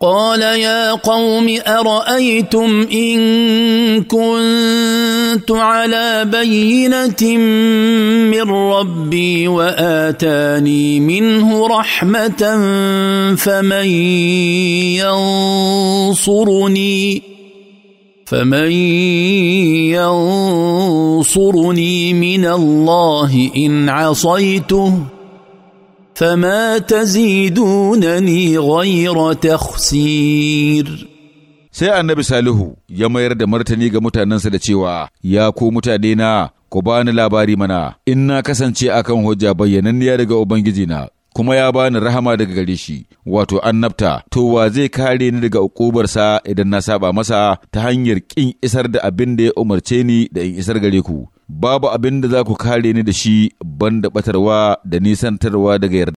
قال يا قوم ارايتم ان كنت على بينه من ربي واتاني منه رحمه فمن ينصرني فمن ينصرني من الله ان عصيته فما تزيدونني غير تخسير sai annabi salihu ya mayar da martani ga mutanensa da cewa ya ku mutane na ku bani labari mana in na kasance akan hujja bayyananniya daga ubangijina kuma ya bani rahama daga gare shi wato annabta to wa zai kare ni daga ukubarsa idan na saba masa ta hanyar ƙin isar da abin da ya umarce ni da in isar gare ku babu abin da za ku kare ni da shi ban da ɓatarwa da nisantarwa daga yarda.